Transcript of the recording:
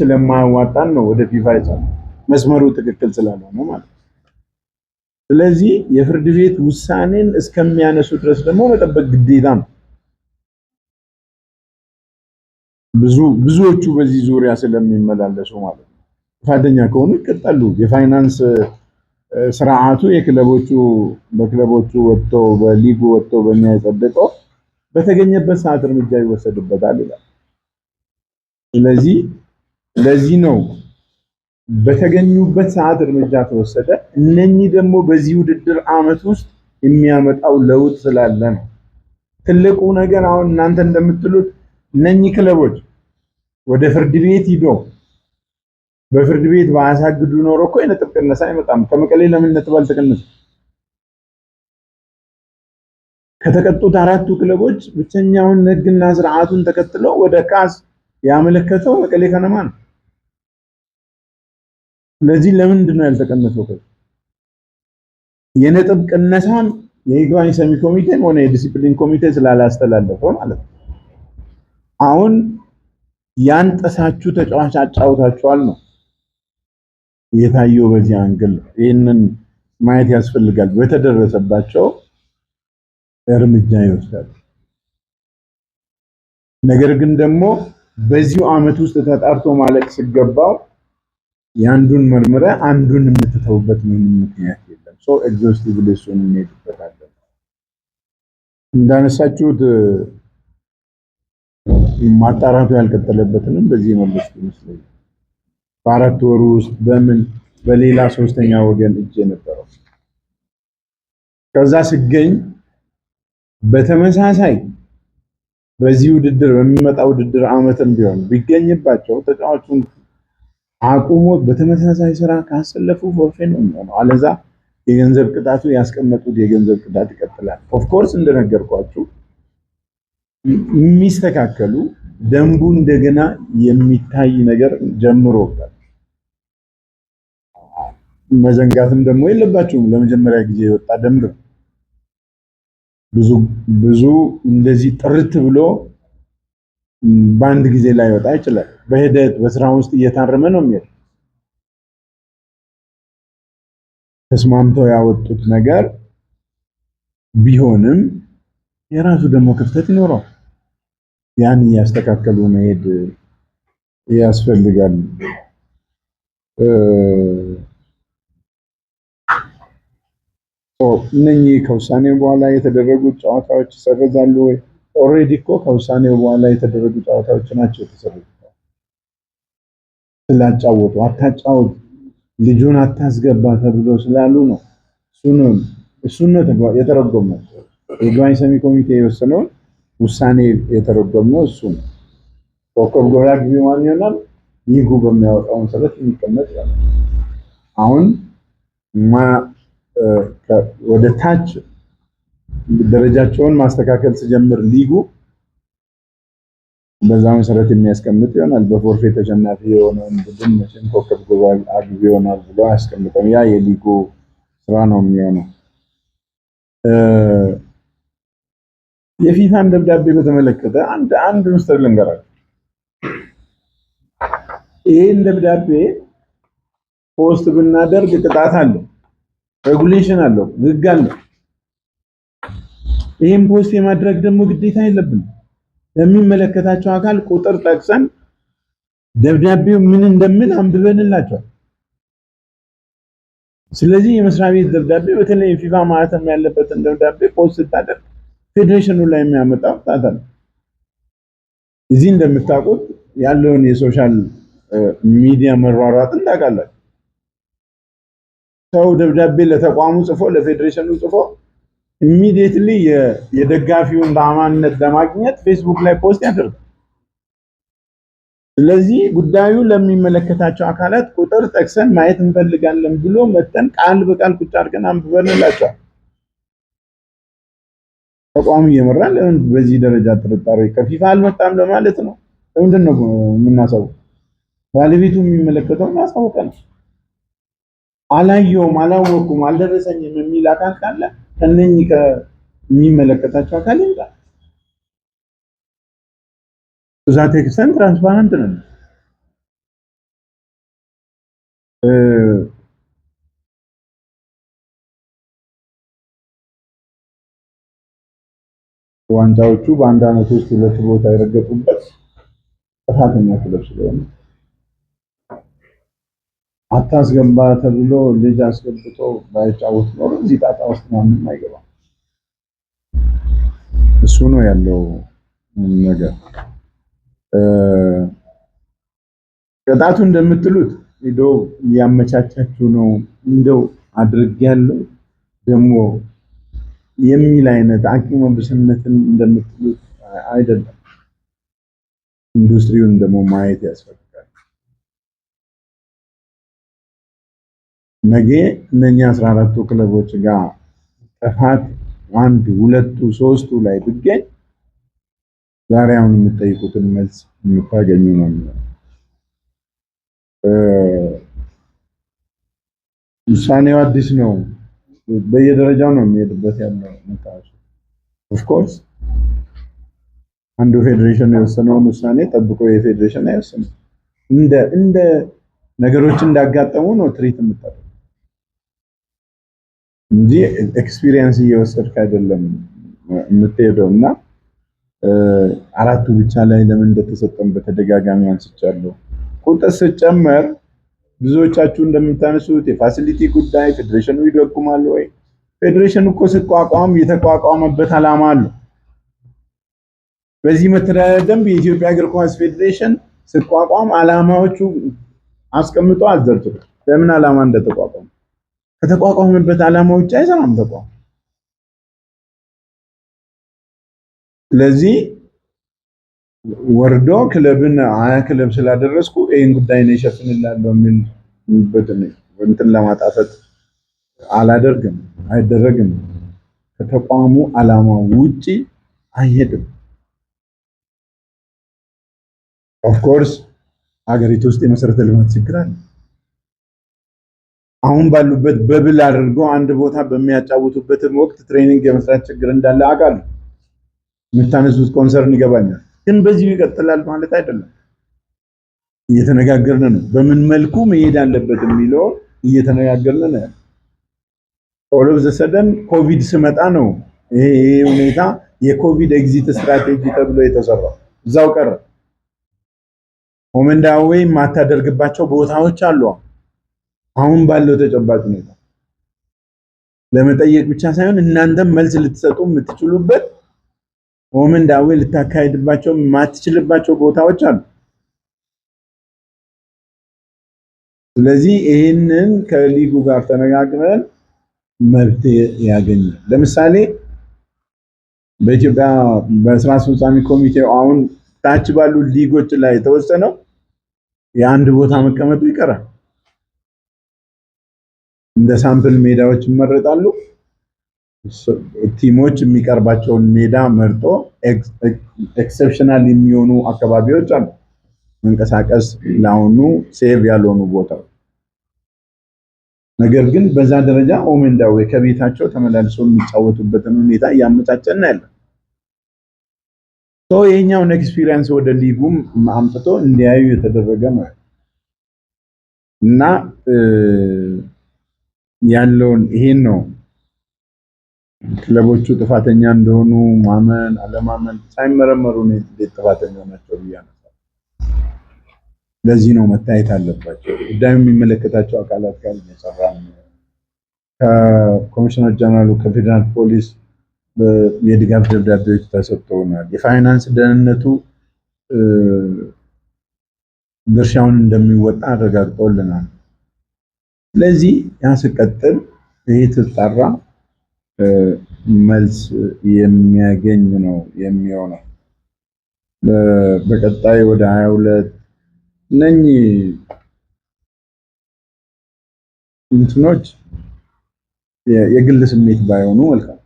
ስለማያዋጣን ነው ወደ ፊፋ የጻፈ መስመሩ ትክክል ስላልሆነ ማለት ነው። ስለዚህ የፍርድ ቤት ውሳኔን እስከሚያነሱ ድረስ ደግሞ መጠበቅ ግዴታ ነው። ብዙ ብዙዎቹ በዚህ ዙሪያ ስለሚመላለሱ ማለት ነው። ጥፋተኛ ከሆኑ ይቀጣሉ። የፋይናንስ ስርዓቱ የክለቦቹ በክለቦቹ ወጥቶ በሊጉ ወጥቶ በእኛ በተገኘበት ሰዓት እርምጃ ይወሰድበታል ይላል። ስለዚህ ለዚህ ነው በተገኙበት ሰዓት እርምጃ ተወሰደ። እነኚህ ደግሞ በዚህ ውድድር አመት ውስጥ የሚያመጣው ለውጥ ስላለ ነው። ትልቁ ነገር አሁን እናንተ እንደምትሉት እነኚህ ክለቦች ወደ ፍርድ ቤት ሂዶ በፍርድ ቤት ባያሳግዱ ኖሮ እኮ የነጥብ ቅነሳ አይመጣም። ከመቀሌ ለምን ነጥብ አልተቀነሰ? ከተቀጡት አራቱ ክለቦች ብቸኛውን ህግና ስርዓቱን ተከትለው ወደ ካስ ያመለከተው መቀሌ ከነማ ነው። ስለዚህ ለምንድን ነው ያልተቀነሰው? የነጥብ ቅነሳን የይግባኝ ሰሚ ኮሚቴም ሆነ የዲሲፕሊን ኮሚቴ ስላላስተላለፈው ማለት ነው። አሁን ያን ጥሳችሁ ተጫዋች አጫውታችኋል ነው የታየው። በዚህ አንግል ይህንን ማየት ያስፈልጋል። በተደረሰባቸው እርምጃ ይወስዳል። ነገር ግን ደግሞ በዚሁ ዓመት ውስጥ ተጣርቶ ማለቅ ሲገባው የአንዱን መርምረ አንዱን የምትተውበት ምንም ምክንያት የለም። ሶ ኤግዞስቲቭ ሌሱን እንሄድበታለን። እንዳነሳችሁት ማጣራቱ ያልቀጠለበትንም በዚህ መለስ ይመስለኝ በአራት ወሩ ውስጥ በምን በሌላ ሶስተኛ ወገን እጅ የነበረው ከዛ ስገኝ በተመሳሳይ በዚህ ውድድር በሚመጣ ውድድር አመትም ቢሆን ቢገኝባቸው ተጫዋቹን አቁሞ በተመሳሳይ ስራ ካሰለፉ ፎርፌ ነው የሚሆነው። አለዛ የገንዘብ ቅጣቱ ያስቀመጡት የገንዘብ ቅጣት ይቀጥላል። ኦፍኮርስ እንደነገርኳችሁ የሚስተካከሉ ደንቡ እንደገና የሚታይ ነገር ጀምሮበታል። መዘንጋትም ደግሞ የለባቸውም። ለመጀመሪያ ጊዜ የወጣ ደንብ ብዙ ብዙ እንደዚህ ጥርት ብሎ በአንድ ጊዜ ላይወጣ ይችላል። በሂደት በስራ ውስጥ እየታረመ ነው የሚሄድ። ተስማምተው ያወጡት ነገር ቢሆንም የራሱ ደግሞ ክፍተት ይኖረው ያን እያስተካከሉ መሄድ ያስፈልጋል። እነኚህ ከውሳኔ በኋላ የተደረጉት ጨዋታዎች ይሰረዛሉ ወይ? ኦልሬዲ እኮ ከውሳኔው በኋላ የተደረጉ ጨዋታዎች ናቸው የተሰሩት። ስላጫወቱ አታጫወት፣ ልጁን አታስገባ ተብሎ ስላሉ ነው። እሱን ነው የተረጎመው። የይግባኝ ሰሚ ኮሚቴ የወሰነውን ውሳኔ የተረጎመው እሱ ነው። ኮከብ ጎላ ግቢ ማን ይሆናል? ይጉ በሚያወጣው መሰረት የሚቀመጥ ያለ አሁን ወደ ታች ደረጃቸውን ማስተካከል ስጀምር ሊጉ በዛ መሰረት የሚያስቀምጥ ይሆናል። በፎርፌ ተሸናፊ የሆነውን ቡድን መቼም ኮከብ ጎል አግቢ ይሆናል ብሎ አያስቀምጠም። ያ የሊጉ ስራ ነው የሚሆነው። የፊፋን ደብዳቤ በተመለከተ አንድ አንድ ምስጢር ልንገራችሁ። ይህን ደብዳቤ ፖስት ብናደርግ ቅጣት አለው፣ ሬጉሌሽን አለው፣ ህግ አለው። ይህም ፖስት የማድረግ ደግሞ ግዴታ የለብንም። ለሚመለከታቸው አካል ቁጥር ጠቅሰን ደብዳቤው ምን እንደምል አንብበንላቸዋል። ስለዚህ የመስሪያ ቤት ደብዳቤ በተለይ የፊፋ ማህተም ያለበትን ደብዳቤ ፖስት ስታደርግ ፌዴሬሽኑ ላይ የሚያመጣው ጣጣ ነው። እዚህ እንደምታውቁት ያለውን የሶሻል ሚዲያ መሯሯጥን ታውቃላችሁ። ሰው ደብዳቤ ለተቋሙ ጽፎ ለፌዴሬሽኑ ጽፎ ኢሚዲየትሊ uh, የደጋፊውን ለአማንነት ለማግኘት ፌስቡክ ላይ ፖስት ያደርጉ። ስለዚህ ጉዳዩ ለሚመለከታቸው አካላት ቁጥር ጠቅሰን ማየት እንፈልጋለን ብሎ መተን ቃል በቃል ቁጭ አድርገን አንብበንላቸዋል። ተቋሙ እየመራ ለምን በዚህ ደረጃ ጥርጣሬ ከፊፋ አልመጣም ለማለት ነው። ለምንድን ነው የምናሳውቅ? ባለቤቱ የሚመለከተው ነው። አላየውም፣ አላወቁም አልደረሰኝም የሚል አካል ካለ ከነኚህ ከሚመለከታቸው አካል ይምጣ። እዛ ቴክስተን ትራንስፓረንት ነው። ዋንጫዎቹ በአንድ ዓመት ውስጥ ሁለት ቦታ የረገጡበት ጥፋተኛ ክለብ ስለሆነ አታስገባ ተብሎ ልጅ አስገብቶ ባይጫወት ኖሮ እዚህ ጣጣ ውስጥ ማንም አይገባም። እሱ ነው ያለው ነገር። ቅጣቱ እንደምትሉት ሄዶ ያመቻቻችሁ ነው እንደው አድርግ ያለው ደግሞ የሚል አይነት አቂመ ብስነትን እንደምትሉት አይደለም። ኢንዱስትሪውን ደግሞ ማየት ያስፈልጋል። ነገ እነኛ አስራ አራቱ ክለቦች ጋር ጥፋት አንዱ፣ ሁለቱ፣ ሶስቱ ላይ ብገኝ ዛሬ አሁን የምጠይቁትን መልስ የምታገኙ ነው። ውሳኔው አዲስ ነው። በየደረጃው ነው የሚሄድበት ያለው መጣሱ ኦፍኮርስ አንዱ ፌዴሬሽን የወሰነውን ውሳኔ ጠብቆ የፌዴሬሽን አይወስንም። እንደ ነገሮች እንዳጋጠሙ ነው ትሪት የምታደርገው። እንጂ ኤክስፒሪየንስ እየወሰድክ አይደለም የምትሄደው። እና አራቱ ብቻ ላይ ለምን እንደተሰጠን በተደጋጋሚ አንስቻለሁ። ቁጥር ስጨመር ብዙዎቻችሁ እንደምታነሱት የፋሲሊቲ ጉዳይ ፌዴሬሽኑ ይደጉማል ወይ? ፌዴሬሽኑ እኮ ሲቋቋም የተቋቋመበት ዓላማ አለው። በዚህ መተዳደሪያ ደንብ የኢትዮጵያ እግር ኳስ ፌዴሬሽን ሲቋቋም ዓላማዎቹ አስቀምጦ አዘርዝሮ ለምን ዓላማ እንደተቋቋመ ከተቋቋመበት ዓላማ ውጭ አይሰራም ተቋም። ስለዚህ ወርዶ ክለብን አያ ክለብ ስላደረስኩ ይህን ጉዳይ ነው ይሸፍንላለሁ የሚልበት እንትን ለማጣፈጥ አላደርግም፣ አይደረግም። ከተቋሙ ዓላማ ውጭ አይሄድም። ኦፍኮርስ ሀገሪቱ ውስጥ የመሰረተ ልማት ችግር አለ። አሁን ባሉበት በብል አድርገው አንድ ቦታ በሚያጫውቱበትም ወቅት ትሬኒንግ የመስራት ችግር እንዳለ አውቃለሁ። የምታነሱት ኮንሰርን ይገባኛል። ግን በዚሁ ይቀጥላል ማለት አይደለም። እየተነጋገርን ነው። በምን መልኩ መሄድ አለበት የሚለው እየተነጋገርን ነው። ኦሎፍ ዘሰደን ኮቪድ ስመጣ ነው ይሄ ሁኔታ የኮቪድ ኤግዚት ስትራቴጂ ተብሎ የተሰራው እዛው ቀረ። ሆመንዳዌ የማታደርግባቸው ቦታዎች አሉ። አሁን ባለው ተጨባጭ ሁኔታ ለመጠየቅ ብቻ ሳይሆን እናንተም መልስ ልትሰጡ የምትችሉበት ኦመን ዳዌ ልታካሄድባቸው የማትችልባቸው ቦታዎች አሉ። ስለዚህ ይህንን ከሊጉ ጋር ተነጋግረን መብት ያገኛል። ለምሳሌ በኢትዮጵያ በስራ አስፈጻሚ ኮሚቴው አሁን ታች ባሉ ሊጎች ላይ የተወሰነው የአንድ ቦታ መቀመጡ ይቀራል። እንደ ሳምፕል ሜዳዎች ይመረጣሉ። ቲሞች የሚቀርባቸውን ሜዳ መርጦ ኤክሰፕሽናል የሚሆኑ አካባቢዎች አሉ። መንቀሳቀስ ለአሁኑ ሴቭ ያልሆኑ ቦታ ነገር ግን በዛ ደረጃ ኦሜንዳ ከቤታቸው ተመላልሶ የሚጫወቱበትን ሁኔታ እያመቻቸን ያለ ሰው ይሄኛውን ኤክስፒሪየንስ ወደ ሊጉም አምጥቶ እንዲያዩ የተደረገ ነው እና ያለውን ይሄን ነው ክለቦቹ ጥፋተኛ እንደሆኑ ማመን አለማመን ሳይመረመሩ ነው እንዴት ጥፋተኛ ናቸው ብያለሁ። ለዚህ ነው መታየት አለባቸው። ጉዳዩ የሚመለከታቸው አካላት ጋር እየሰራ ከኮሚሽነር ጀነራሉ ከፌደራል ፖሊስ የድጋፍ ደብዳቤዎች ተሰጥተውናል። የፋይናንስ ደህንነቱ ድርሻውን እንደሚወጣ አረጋግጠውልናል። ስለዚህ ያ ስቀጥል ይህ መልስ የሚያገኝ ነው የሚሆነው። በቀጣይ ወደ 22 ነኝ እነኚህ እንትኖች የግል ስሜት ባይሆኑ መልካም